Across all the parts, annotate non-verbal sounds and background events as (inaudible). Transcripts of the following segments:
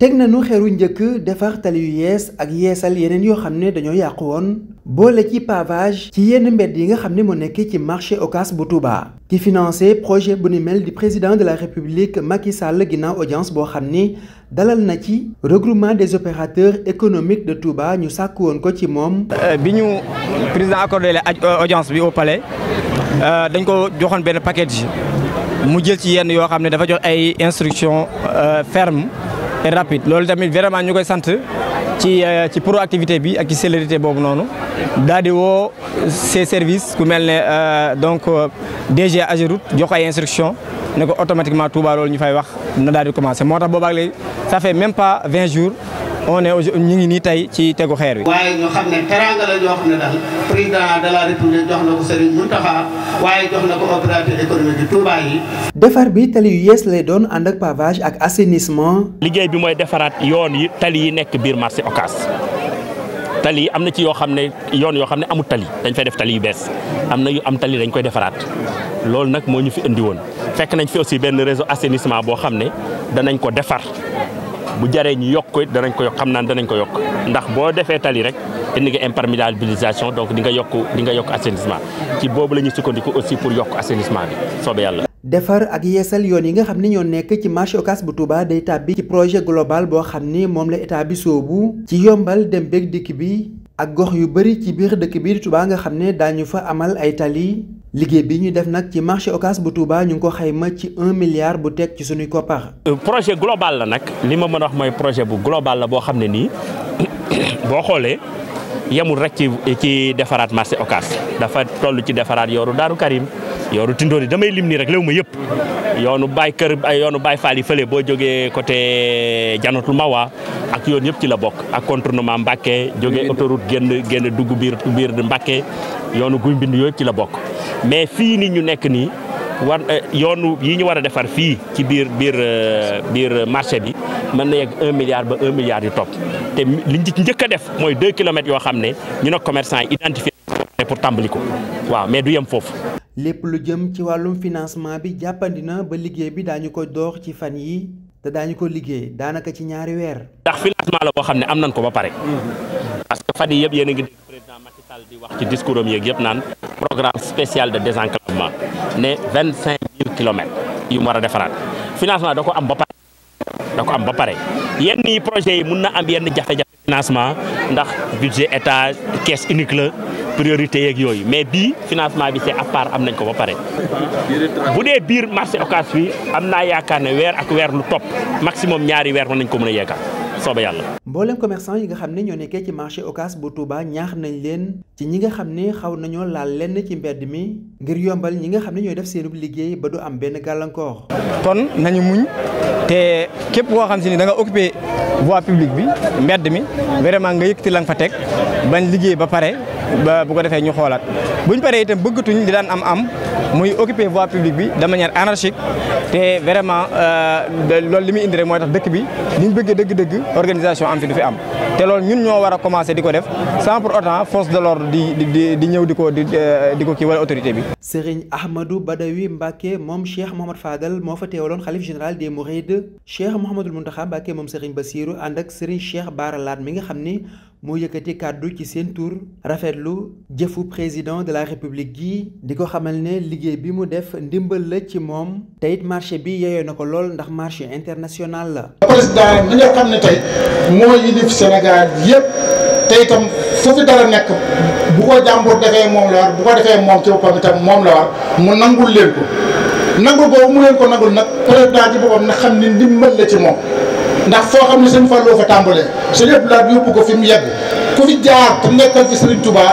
teg nañu xeeru njëkk defar tali yu yees ak yeesal yeneen yoo xam ne dañoo yàqu woon boole ci pavage ci yenn mbedd yi nga xam ne moo nekk ci marché ocas bu Touba. ki financé projet bu ni mel di président de la république Macky Sall ginnaaw audience boo xam ni dalal na ci regroupement des opérateurs économiques de Touba ñu sàkk woon ko ci moom euh, bi ñu président accordé la audience bi au palais euh, dañ ko joxoon benn paquet mu jël ci yenn yoo xam ne dafa jox ay instructions euh, fermes et rapide loolu tamit vraiment ñu koy sant ci euh, ci activité bi ak ci célérité boobu noonu daal di woo ces services ku mel ne euh, donc euh, DG Ageroute jox ay instruction ne ko automatiquement Touba loolu ñu fay wax na daal di commencé moo tax boobaag léegi ça fait même pas 20 jours. on est ñu ngi nii tey ci tegu xeer wi. waaye ñoo jox na ko Serigne Mountakha waaye jox na ko opérateur defar bi tali yu yees lay doon ànd ak pavage ak assainissement. liggéey bi mooy defaraat yoon yi tali yi nekk biir marché Ocass tali yi am na ci yoo xam ne yoon yoo xam ne amul tali dañ fay def tali yu bees am na yu am tali dañ koy defaraat loolu nag moo ñu fi indi woon fekk nañ fi aussi benn réseau assainissement boo xam ne danañ ko defar. bu jaree ñu yokk ko danañ ko yokk xam naan danañ ko yokk ndax boo defee tali rek indi nga imperméabilisation donc di nga yokk di nga yokk assainissement ci boobu la ñuy sukkandiku aussi pour yokk assainissement bi soobee defar ak yeesal yoon yi nga xam ne ñoo nekk ci marché Ocass bu Touba day tàbbi ci projet global boo xam ni moom la état bi soobu ci yombal dem beeg dikk bi ak gox yu bari ci biir dëkk bi tubaa nga xam ne daañu fa amal ay tali. liggéey bi ñuy def nag ci marché Ocass bu Touba ñu ngi ko xayma ci un milliard bu teg ci suñuy koppar. Euh, projet global la nag li ma mën a wax mooy projet bu global la boo xam ne nii (coughs) boo xoolee yemul rek ci ci defaraat marché Ocass dafa toll ci defaraat yooru Daaru Karim yoonu Tindóori damay lim nii rek léew ma yëpp yoonu Baay Kër ay yoonu Baay Faal yi fële boo jógee côté Janatul Mawa ak yoon yëpp ci la bokk ak contournement Mbacké jógee autoroute génn génn dugg biir biir Mbacké yoonu guy mbind yooyu yëpp ci la bokk mais fii ni ñu nekk nii war eh, yoonu yi ñu war a defar fii ci biir biir eh, biir marché bi mën na yegg un milliard ba un milliard yu topp te liñ ci njëkk a def mooy deux kilomètres yoo xam ne ñu ne commerçant yi identifié pour tàmbali ko waaw mais du yem foofu lépp lu jëm ci wàllum financement bi jàppandi na ba liggéey bi daañu ko door ci fan yi te daañu ko liggéey daanaka ci ñaari weer. ndax financement la boo xam ne am nañ ko ba pare. Mm-hmm. parce que fan yi yëpp yéen a ngi dégg président Macky Sall di wax ci discours am yeeg yëpp naan programme spécial de désenclavement ne vingt cinq mille kilomètres yu war a defaraat financement da ko am ba pare da ko am ba pare yenn yi projet yi mun na am yenn jafe-jafe. financement ndax budget état caisse unique la priorité yeeg yooyu mais bii financement bi c'est à part am nañ ko ba pare. bu dee biir marché occas bi am naa yaakaar ne weer ak weer lu topp maximum ñaari weer mën nañ ko mun a yeggal. soobee yàlla. mboolem commercant yi nga xam ne ñoo nekkee ci marché Ocass bu Touba ñaax nañ leen ci ñi nga xam ne xaw nañoo laal lenn ci mbedd mi ngir yombal ñi nga xam ne ñooy def seenub liggéey ba du am benn gàllankoor. kon nañu muñ te képp koo xam si ni da nga occupé voie publique bi mbedd mi vraiment nga yëkkati la nga fa teg bañ liggéey ba pare. ba bu ko defee ñu xoolaat buñ paree itam bëggatuñ di daan am am muy occuper voie publique bi de manière anarchique te vraiment euh, loolu li muy indi rek mooy tax dëkk bi ni ñu dëgg-dëgg organisation am fi du fi am te loolu ñun ñoo war a commencer di ko def sans pour autant de l'ordre di di di di ko di euh, di ko kii wala autorité bi. Serigne Ahmadou Badawi Mbacke moom Cheikh Mouhamad Fadal moo fa teewaloon xalif général des Mourides Cheikh Mouhamadul Mountakha Mbacke moom Serigne Bassirou ànd ak Serigne Cheikh Bara Laat mi nga xam ni. moo yëkkati kàddu ci seen tur rafetlu jëfu président de la république gi di ko xamal ne liggéey bi mu def ndimbal la ci moom te it marché bi yeyoo na ko lool ndax marché international la. président bi nga xam ne tey moo yilif Sénégal yépp te itam fu fi dara nekk bu ko jàmbur defee moom la war bu ko defee moom ci boppam itam moom la war mu nangul leen ko nangul boobu mu leen ko nangul nag président ci boppam na xam ni ndimbal la ci moom. ndax foo xam ne sëñ Fallou fa tàmbalee sëñ Abdou Lahad yóbbu ko fi mu yegg ku fi jaar te nekkal fi Serigne Touba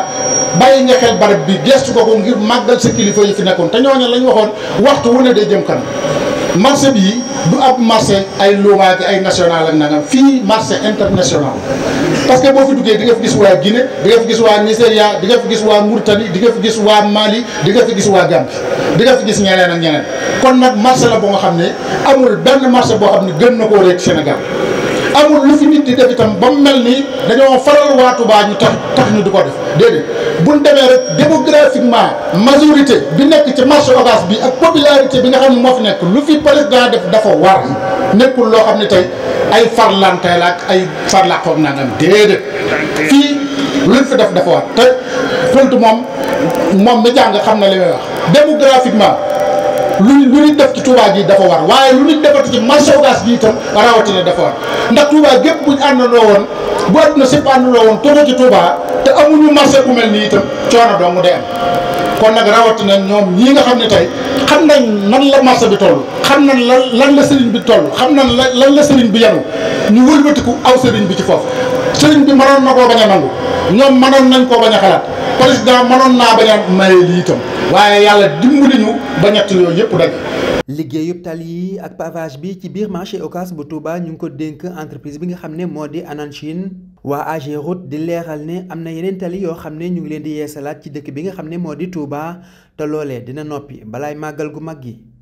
bàyyi nga xel barab bi gestu ko ko ngir màggal sa kilifa yi fi nekkoon te ñooñu lañ waxoon waxtu wu ne day jëm kanam marché bii du ab marché ay Louga gi ay national ak nangam fii marché international parce que boo fi duggee di nga fi gis waa Guinée di nga fi gis waa Nigéria di nga fi gis waa Mauritanie di nga fi gis waa Mali di fi gis waa Gambie di fi gis ñeneen ak ñeneen kon nag marché la boo nga xam ne amul benn marché boo xam ne gën na koo rek Sénégal amul lu fi nit di def itam ba mu mel nii dañoo faral waa Touba ñu tax tax ñu di ko def déedéet buñ demee rek démographiquement majorité bi nekk ci marché Ocass bi ak popularité bi nga xam ne moo fi nekk lu fi président def dafa war nekkul loo xam ne tey ay farlanteel ak ay farlaqoog naa ngam déedéet fii luñ fi def dafa war te xult moom moom mi jàng xam na li may wax démographiquement lu lu nit def ci Touba gi dafa war waaye lu nit defati ci marché ogas bi itam rawatina dafa war ndax Touba gépp buñ àndandoo woon bu àdduna sépp àndandoo woon togo ci Touba te amuñu marché bu mel nii itam coono dong day am kon nag rawatina ñoom ñii nga xam ne tey xam nañ nan la marché bi toll xam na lan lan la sëriñ bi toll xam na lan la sëriñ bi yanu ñu wëlbatiku aw sëriñ bi ci foofu sëriñ bi mënoon na koo bañ a nangu ñoom mënoon nañ koo bañ a xalaat président mënoon naa bañ maye lii waaye yàlla dimbali ñu ba ñett yooyu yëpp daj. liggéeyub tali yi ak pavage bi ci biir marché Ocass bu Touba ñu ngi ko dénk entreprise bi nga xam ne moo di Ananchine waa AGEROUTE di leeral ne am na yeneen tali yoo xam ne ñu ngi leen di yeesalaat ci dëkk bi nga xam ne moo di Touba te loolee dina noppi balaay màggal gu mag yi